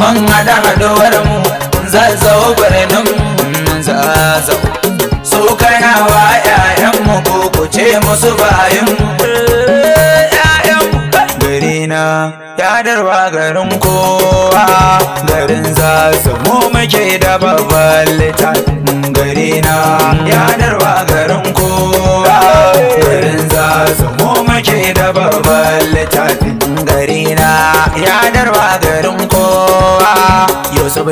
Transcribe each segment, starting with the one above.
Mun hada haɗuwar mu zazzau birnin zazzau so kanawa ƴaƴanmu ko ku ce musu bayin garina ya darwa garin kowa garin zazzau mu muke da babban littafin garina ya darwa garin kowa garin zazzau mu muke da babban littafin garina ya darwa garin kowa yo Yusuf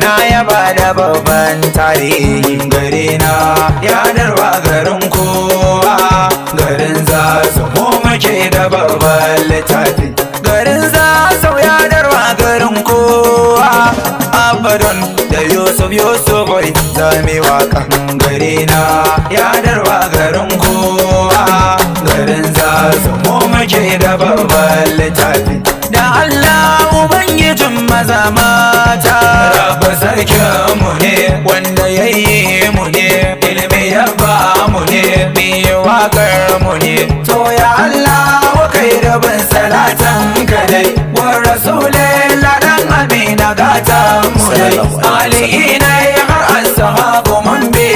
na ya ba da babban tarihin gare na yadarwa garin kowa garin za su mu muke da babban littafi garin za ya yadarwa garin kowa abadon da Yusuf Yusuf bai zame waka gare na yadarwa garin kowa garin za su mu muke da babban littafi da Allah ubangijin mazama mata raba sarkin mu ne wanda ya yi mu ne ya ba mu ne biyu wakar mu ne to ya Allah wa kai rabin salatan ka dai wa rasulai ladan amina gata mu dai alihi na har an sahabu mun bi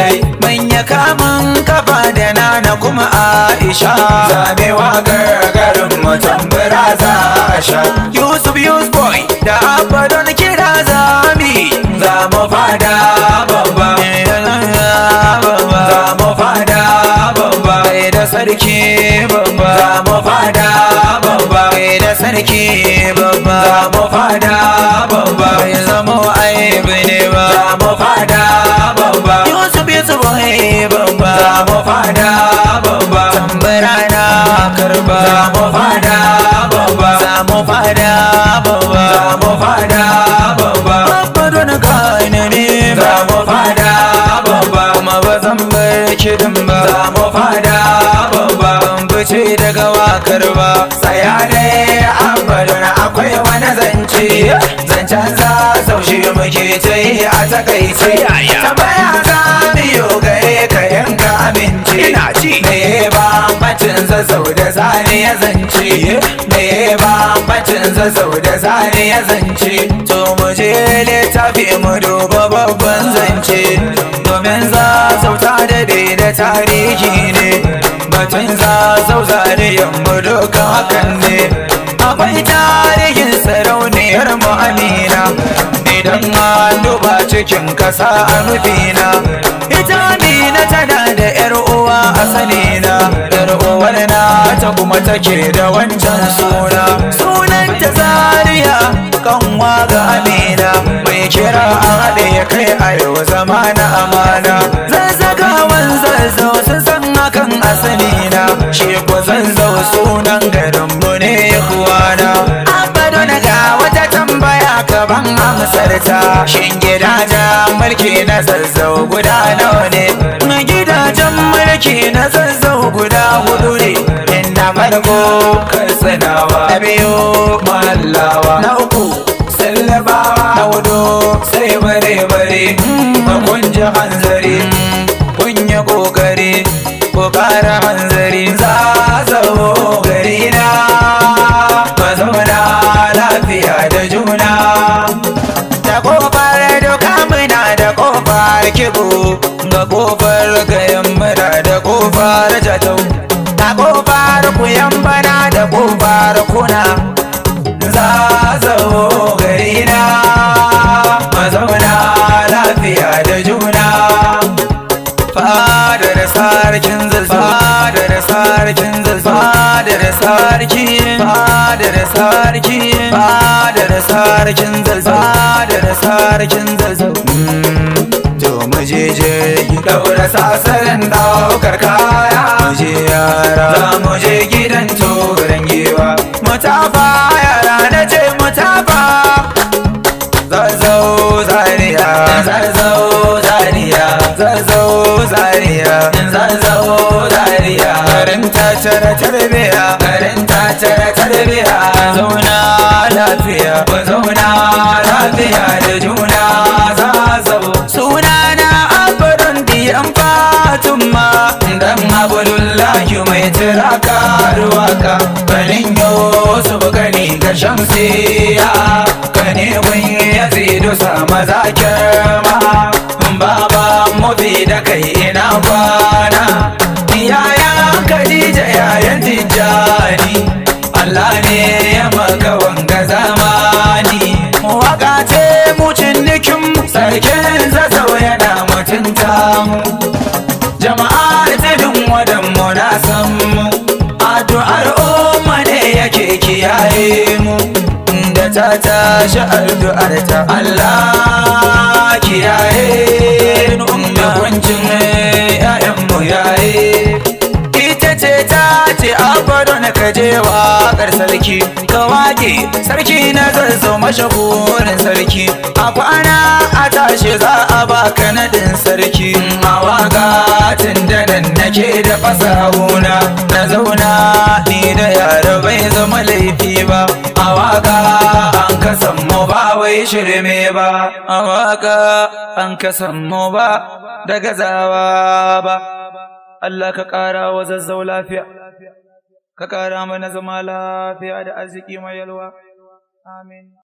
dai manya kamun kafa da nana kuma Aisha zabe wa gargarin mutum a sha Yusuf Yusuf sarki babba za mu fada babba kai da sarki babba za mu fada babba bai zama aibi ne ba za mu fada babba yusuf yusuf hai babba za mu fada babba tambara na karba za mu fada babba za mu fada babba za mu fada babba babba don gane ne za mu fada babba kuma ba zan bar kidan ba mu karba daya ne akwai wani zance zancen za saushe muke ta yi a takaice tambaya za biyo gare ka yanka abinci ina ci me ba macin zazzau da zane ya zance me ba macin zazzau da zane ya zance to mu je littafi mu duba babban zance domin za sauta da da tarihi ne batun za zau zariyan mu duka hakan ne akwai tarihin sarauniyar mu amina idan ma duba cikin kasa a nufina ita amina tana da yar uwa a sanina yar uwar na ta kuma take da wancan suna sunanta zariya kanwa ga amina mai kira a haɗe kai a yau zama na amana mata shin mulki na zazzau guda nawa ne na gidajen mulki na zazzau guda hudu ne inda farko katsinawa na biyu mallawa na uku sallabawa na hudu sai bare bare ba kun ji hanzari kun yi kokari kara hanzari za kibo ga kofar gayan mura da kofar jato ga kofar kuyan na da kofar kuna za gari na mazauna lafiya da juna fadar sarkin zazzafa fadar sarkin zazzafa fadar sarkin fadar sarkin fadar sarkin zazzafa fadar sarkin zulfa da sasarin daukar kaya muje yara za mu je gidan turan giwa Mutafa yara na ce mutafa. zazzau zariya zazzau zariya zazzau zariya zazzau zariya garin cire tara tarbiya garin ta tarbiya zauna lafiya zauna lafiya da juna zazzau suna yan fatun fatima dan abdullahi mai tiraka ruwaka kanin yusuf kani ga shamsiya kane gun yazidu sama zakir ma baba mafi da kai ina kwana yaya khadija yayan tijjani allah ne ya maka wanga zamani waka ce mu cinikin sarkin kiyaye mu da ta addu'ar ta Allah kiyaye nu da kwancin yayan mu yaye ita ce ta ce abaro na kaje waƙar sarki ka waƙe sarki na zazzau mashahurin sarki a kwana a tashi za a baka nadin sarki a waƙa taba na zauna ni da yara bai zama laifi ba a waka an kasan mu ba wai shirme ba a waka an kasan mu ba da gazawa ba Allah ka ƙara wa zazzau lafiya ka ƙara mana zama lafiya da arziki mai yalwa amin